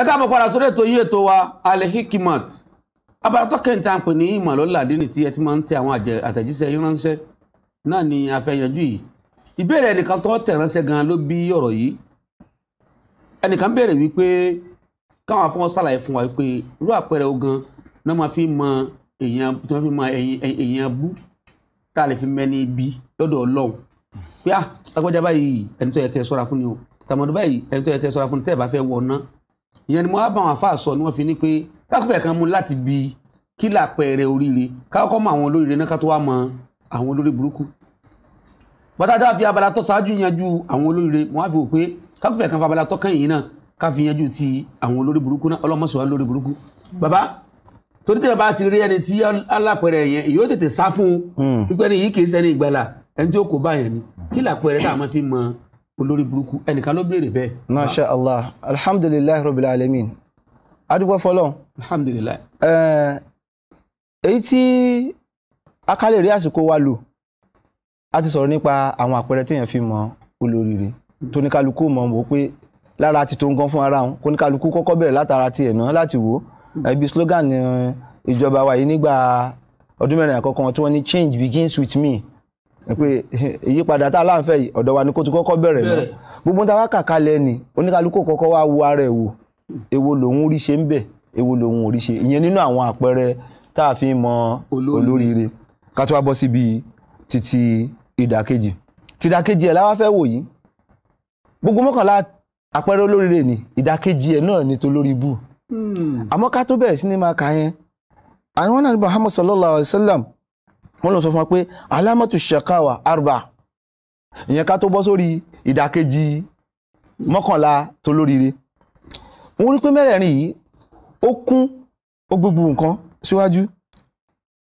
ẹ káàbọ̀ padà sórí ètò yìí ètò wa Al-Hikmat abala tó kẹ́ńtà ń pè ní ìmọ̀ lọ́la dínì tí ẹ ti máa ń tẹ àwọn àtẹ̀jíṣẹ́ yín ránṣẹ́ náà ni a fẹ́ yanjú yìí ìbéèrè ẹnìkan tó tẹ̀ ránṣẹ́ gan-an ló bí ọ̀rọ̀ yìí ẹnìkan béèrè wípé káwọn afọ́n ṣàlàyé fún wa pé irú àpẹẹrẹ ogan náà máa fi mọ èèyàn tó tá a lè fi mẹ́ni bí lọ́dọ̀ Ọlọ́run pé ah agbọ́jà báyìí ẹni tó yẹ kẹ́ ṣọ́ra fún ni o tàmọ̀dọ́ báyìí ẹni tó yẹ kẹ́ ṣọ́ra fún ni tẹ́ ẹ bá fẹ́ wọ náà ìyẹn ni mo wá bá àwọn àfáà sọ ni wọ́n fi ní pé kákùfẹ̀ kan mú láti bi kí làpẹẹrẹ oríire kákọ́ mọ àwọn olóríire náà ká tó wá mọ àwọn olórí burúkú pátájá fi abala tó ṣáájú yanjú àwọn olóríire mo wá fi wò pé kákùfẹ̀ kan fa abala tó kàn yìí náà ká fi yanjú ti àwọn olórí burúkú náà ọlọ́mọṣọ́ olórí burúkú bàbá torí tẹ́lẹ̀ bá ti rí ẹni tí alápẹ̀rẹ̀ yẹn yóò tètè sá fún un hmm. wípé ni yìí kì í ṣẹni ìgbàlà ẹni tí ó kó báyẹn ni kí làpẹ̀rẹ̀ tá a máa fi mọ olórí burúkú ẹnìkan ló béèrè bẹ́ẹ̀. masha allah alhamdulilayi rabbil alamin adúgbò fọlọ. alhamdulilayi. èyí tí akálẹ̀ rí àsìkò wa lò a ti sọ̀rọ̀ nípa àwọn àpẹẹrẹ téèyàn fi mọ olóríire tóníkálukú mọ̀ wò pé lára ti tó nǹkan fún ara wọn kóníkálukú kọ́kọ́ bẹ̀rẹ̀ látara ti ẹ̀ náà láti wò ẹbí slogan eh, ìjọba wa yìí nígbà ọdún mẹ́rin àkọ́kọ́ wọn tí wọ́n ní change begins with me pé ìyípadà tá a láǹfẹ́ yìí ọ̀dọ̀ wa ni kó ti kọ́kọ́ bẹ̀rẹ̀ náà gbogbo tá a wá kà kalẹ̀ ni oníkálukú kọ́kọ́ wá wo ara ẹ̀ wò èwo lòun rí ṣe ń bẹ̀ èwo lòun ò rí ṣe ìyẹn nínú àwọn àpẹẹrẹ tá a fi mọ olóríire ká tó wá bọ́ síbi títí ìdàkejì tìdàkejì ẹ̀ láwá fẹ́ wò yìí gbogbo mọ́kànlá àpẹẹrẹ olóríire ni ìdàkejì ẹ̀ náà ni tolórí ibú hmm. àmọ́ ká tó bẹ̀rẹ̀ sí ni máa kà yẹn àwọn wọ́n lọ sọ fún wa pé alámọ̀tò ṣẹ̀káwà arba ìyẹn ká tó bọ́ sórí ìdàkejì mọ́kànlá tó lóríire wọ́n rí pé mẹ́rẹ̀ẹ̀rin yìí ó kún ó gbogbo nǹkan síwájú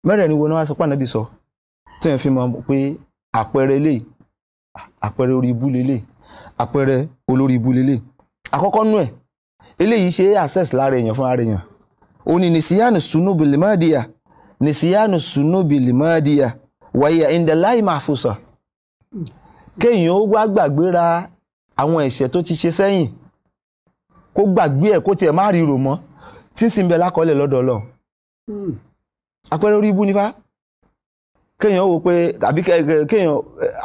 mẹ́rẹ̀ẹ̀rin wo ni wọ́n sọ pé ànábì sọ tí wọ́n fi mọ̀ pé àpẹẹrẹ eléyìí àpẹẹrẹ orí ibú lélẹ̀ àpẹẹrẹ olórí ibú lélẹ̀ àkọ́kọ́ nú ẹ̀ eléyìí ṣe access lára èèyàn fún ara èèyàn òní nisiyanu sunubi limadiya wàyà indalayi mahfusa kéèyàn ó wá gbàgbéra àwọn ẹ̀ṣẹ̀ tó ti ṣe sẹ́yìn kó gbàgbé ẹ̀ kó tiẹ̀ má ríro mọ́ tí ń sin bẹ lákọọ́lẹ̀ lọ́dọ̀ Ọlọ́run hmm. orí ibú nífà kéèyàn wò pé àbí kéèyàn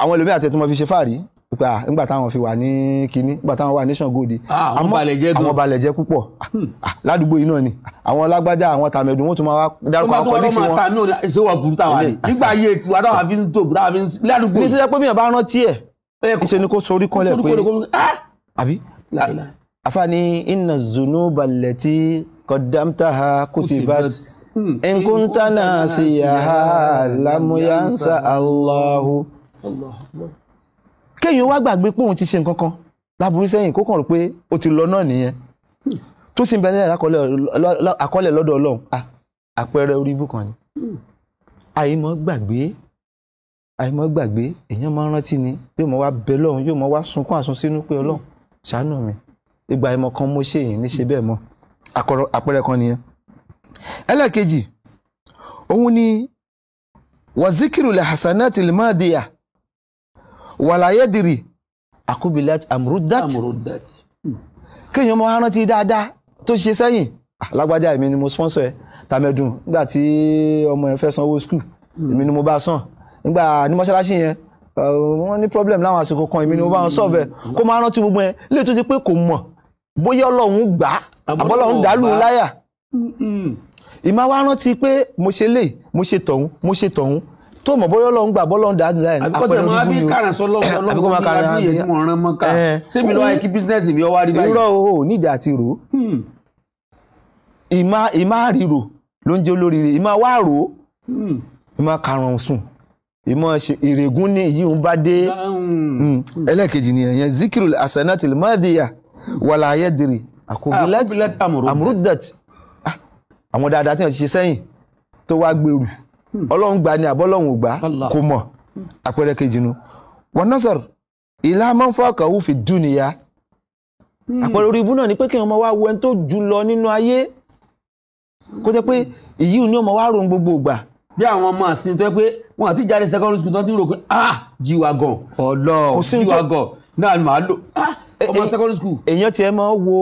àwọn ẹlòmíà tẹ̀ tó máa fi ṣe fáàrí pé ah nígbà táwọn fi wà ní kínní nígbà táwọn wà ní Ṣàngóde ah, àwọn balẹ̀ jẹ́ àwọn balẹ̀ jẹ́ púpọ̀ hmm. ah, ládùúgbò yìí náà ni àwọn lágbájá àwọn tàmẹ̀dùn wọn tún máa dárúkọ àwọn kọ́lẹ́sì wọn. ọmọ tó wọn ṣe wọ burú táwa ni nígbà ayé tiwa táwa fi ń tó táwa fi ń ládùúgbò. ní tó jẹ́ pé mi ò bá rántí ẹ̀ ṣe ni kò sorí kọ́lẹ̀ pé ah! àbí àfààní iná zunú balẹ̀ tí kọ̀dámtáha kùtìbát nkúntánà síyàhá lámúyánsá Allahu kéèyàn wá gbàgbé pé òun ti ṣe nǹkan kan láburú sẹ́yìn kó kàn rò pé ó ti lọ náà nìyẹn tó sì ń bẹ̀rẹ̀ àkọọ́lẹ̀ lọ́dọ̀ ọlọ́run àpẹẹrẹ orí ibù kan ni àìmọ̀ gbàgbé àìmọ̀ gbàgbé èèyàn máa rántí ni yóò mọ̀ wá bẹ lọ́run yóò mọ̀ wá sunkún àsunsínú pé ọlọ́run ṣàánú mi ìgbà àìmọ̀ kan mo ṣe èyí níṣe bẹ́ẹ̀ mọ́ àpẹẹrẹ kan nìyẹn ẹlẹ́ẹ̀kejì òun ni wàzíkìrù lè hasanati lè máa dìyà wàlàyédìrì àkúbilẹ̀tì àmúrúdàtì hmm. kéèyàn mọ arántí dáadáa tó ṣe sẹ́yìn alágbájá ah, èmi ni mo sponsor ẹ tàmẹ̀dùn nígbà tí ọmọ ẹ fẹ́ sanwó skul èmi ni mo bá san nígbà ní mọ́ṣáláṣí yẹn uh, wọ́n ní problem láwọn àsìkò kan èmi ni mo bá wọn solve kó máa rántí gbogbo yẹn lè tó ti pé kò mọ̀ bóyá ọlọ́run gbà á àbọ́lọ́run dàálù láyà ìmáwá rántí pé mo ṣe lè mo ṣe tọ̀hún mo ṣe tọ̀hún tó mọ̀ bọ́yọ́ lọ́n gbà bọ́lọ́n dà ní láìní. àbíkọ́ tẹ̀ mọ́ àbí kàrán sọ lọ́wọ́ lọ́wọ́ bí wọ́n bí èyí mọ̀ ọ̀ràn mọ́ ká sẹ́mi lọ́wọ́ kí bísínẹ́sì mi ọwọ́ rí báyìí. irọ́ o nídìí àti rò ó hmm. ìmá ríro ló ń jẹ́ olóríire ìmá wá rò ó hmm. ìmá karùn-ún sùn ìmọ̀ ìrègùn ni yìí ń bá dé. Hmm. ẹlẹ́ẹ̀kejì ni ẹ̀yẹn zikiru asanati madiya wàlà ayédèrè àkóbílẹ̀ ah, àmúrúdàt ah, àwọn dáadáa tí wọ́n ti ṣe sẹ́yìn tó wá gbèrú ọlọ́run gbà ni àbọ́lọ́run ò gbà kò mọ̀ àpẹẹrẹ kejì nu wọn náà sọ̀rọ̀ ìlà máa ń fọkàn wù fi dùn níyà hmm. àpẹẹrẹ orí ibú náà ni pé kí ọmọ wa wo ẹni tó jù lọ nínú ayé kó jẹ́ pé èyí ò ní ọmọ wa ròun gbogbo ìgbà. bí àwọn ọmọ àsìn tó yẹ pé wọn àti jáde secondary school tó ti ń rò pé ah jíwa gan ọlọ jíwa gan náà ni màá lò ah eh, ọmọ eh, secondary school. èèyàn tiẹ̀ máa ń wo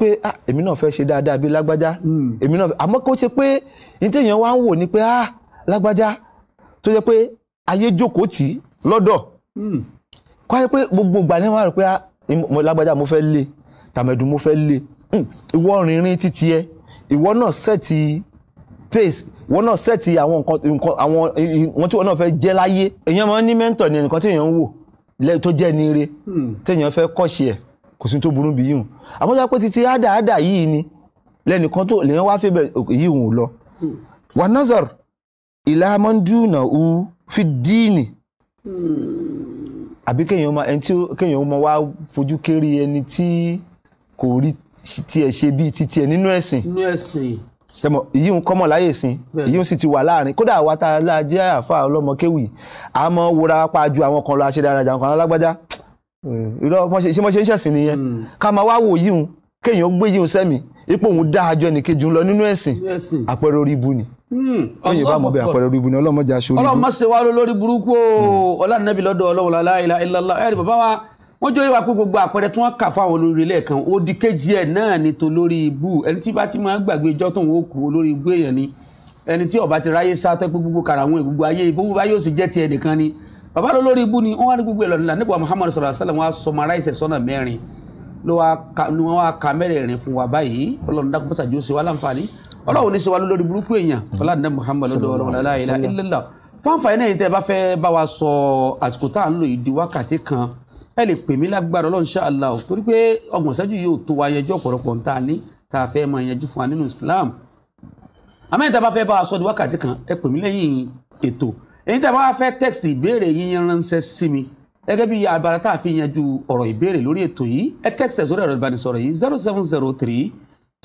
pé ah èmi náà fẹ́ ṣe dáadáa bíi lágbájá hmm. èmi náà àmọ́ kó ṣe pé ní téèyàn wá ń wò ni pé ah lágbájá tó jẹ́ pé ayé jókòó tì í lọ́dọ̀ hmm. kó ayé pé gbogbo ìgbà ni wọ́n rò pé ah, lágbájá mo fẹ́ lé tàmẹ̀dùn mo fẹ́ lé hmm. ìwọ rìnrìn títí ẹ ìwọ náà sẹ́ẹ̀tì pace ìwọ náà sẹ́ẹ̀tì àwọn nǹkan àwọn wọn tí wọn náà fẹ́ jẹ́ láyé èèyàn máa ń ní mẹ́ńtọ̀ ni ẹnìkan tí èèyàn ń wò tó jẹ́ ní ire hmm. téèyàn fẹ́ kọ́ṣe ẹ̀ kò sí tó burú bí yìí hùn àmọ́ sọ pé títí àdàádà yìí ni lẹ́nìkan tó lèèyàn wá fẹ́ bẹ̀rẹ̀ yìí hùn lọ. wà ìlàmọ́ndúnà ú fi díìnì àbí kéèyàn máa ẹni tí kéèyàn máa wá fojú kéré ẹni tí kò rí tiẹ̀ ṣe bíi ti tiẹ̀ nínú ẹ̀sìn nínú ẹ̀sìn tẹmọ èyí ń kọ́mọ̀ láyè sí èyí ń sì ti wà láàrin kódà àwa tá a lá jẹ́ àáfàá ọlọ́mọ kéwì a mọ wúra pa ju àwọn kan lọ aṣèdára àjà kan alágbájá irọ́ ṣé mo ṣe ń ṣẹ̀sìn nìyẹn hmm. ká máa wá wò yíhun kéèyàn gbé yíhun sẹ́mi ipò òun dáa ju ẹnìkejì ń lọ nínú ẹ̀sìn àpẹẹrẹ orí ibu ni oyin hmm. bá mọ bẹ àpẹẹrẹ orí ibu ni ọlọmọ jà sórí ibu ọlọmọ ṣe wá lórí burúkú o hmm. ọlá nàbí lọ́dọ̀ Ọlọ́run la ilaha illallah ẹrí bàbá wa wọ́n jọ yíwa pé gbogbo àpẹẹrẹ tí wọ́n kà fáwọn olórí lẹ́ẹ̀kan ó di kejì ẹ̀ náà ni tó lórí ibu ẹni tí bá ti máa gbàgbé ijọ́ tó ń wò kú olórí ibu èèyàn ni ẹni tí ọba ti ráyé sátọ pé gbogbo karahun gbogbo ayé gbogbo bá yóò sì jẹ́ tiẹ̀ nìkan ni bàbá ló lórí ibu ni wọ́n wá ní gbogbo ìlọrin lànà ìbùwà Muhammadu sallallahu alaihi wasallam wá sọmaráìsẹ̀ sọ́nà mẹ́rin ló wá ka mẹ́rẹ̀ẹ̀rin fún wa báyìí Ọlọ́run dákun pọ́sàjọ́ sí wa láǹfààní ọlọ́run ní sẹ́wà lórí burúkú èèyàn ọlá ní muhammad ọlọ́run la ilaha illallah fáǹfààní náà yìí tẹ́ ẹ bá fẹ́ bá wa sọ àsìkò tá à ń lò yìí di wákàtí kan ẹ lè pè mí lágbára ọlọ́run insha Allah torí pé ọgbọ̀n ṣẹ́jú yóò tó wa yanjú ọ̀pọ̀lọpọ̀ ń ta ní tá fẹ́ máa yanjú fún wa nínú islam àmọ́ ìta bá fẹ́ bá a sọ di wákàtí kan ẹ pè mí lẹ́yìn ètò èyí tá a bá fẹ́ text ìbéèrè yín ránṣẹ́ sí mi gẹ́gẹ́ bí abala tá a zero seven zero three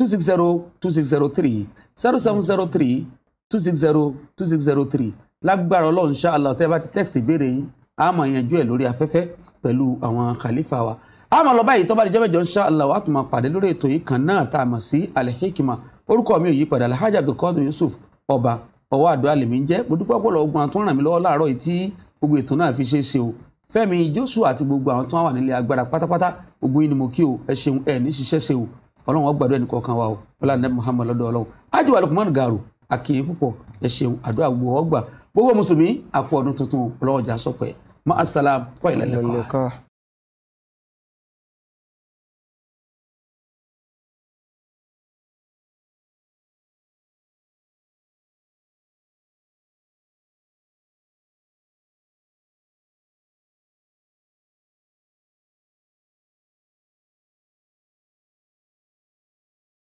260-2603 0703-260-2603 lágbára ọlọ́run ṣá àlọ́ tẹ́ bá ti text ìbéèrè yín a máa yanjú ẹ̀ lórí afẹ́fẹ́ pẹ̀lú àwọn khalifa wa a máa lọ báyìí tó bá di ṣá àlọ́ wa tún máa pàdé lórí ètò yìí kan náà tá a mọ̀ sí alihikima orúkọ mi ò yí padà alhaji abdulkadir yusuf ọba ọwọ́ àdó àlèmí jẹ́ mo dúpẹ́ pọ̀ lọ́wọ́ gbọ́n tó ń ràn mí lọ́wọ́ láàárọ̀ yìí tí gbogbo ètò náà fi ṣe é ṣe o fẹ́mi joshua àti gbogbo àwọn tó wà nílé agbára pátápátá gbogbo yín ni mo kí o ẹ ṣeun ẹ ní ṣiṣẹ́ ṣe o ọlọ́run ó gbàdúrà ẹnìkọ̀ọ̀kan wa o ọlá ní muhammed lọ́dọ̀ ọlọ́run ájú alukuman garu àkìyè púpọ̀ ẹ ṣeun àdúrà gbogbo ọgbà gbogbo mùsùlùmí àpò ọdún tuntun ọlọ́run jà sọpẹ́ ma asalam kọ́ ìlẹ̀lẹ́kọ̀ọ́.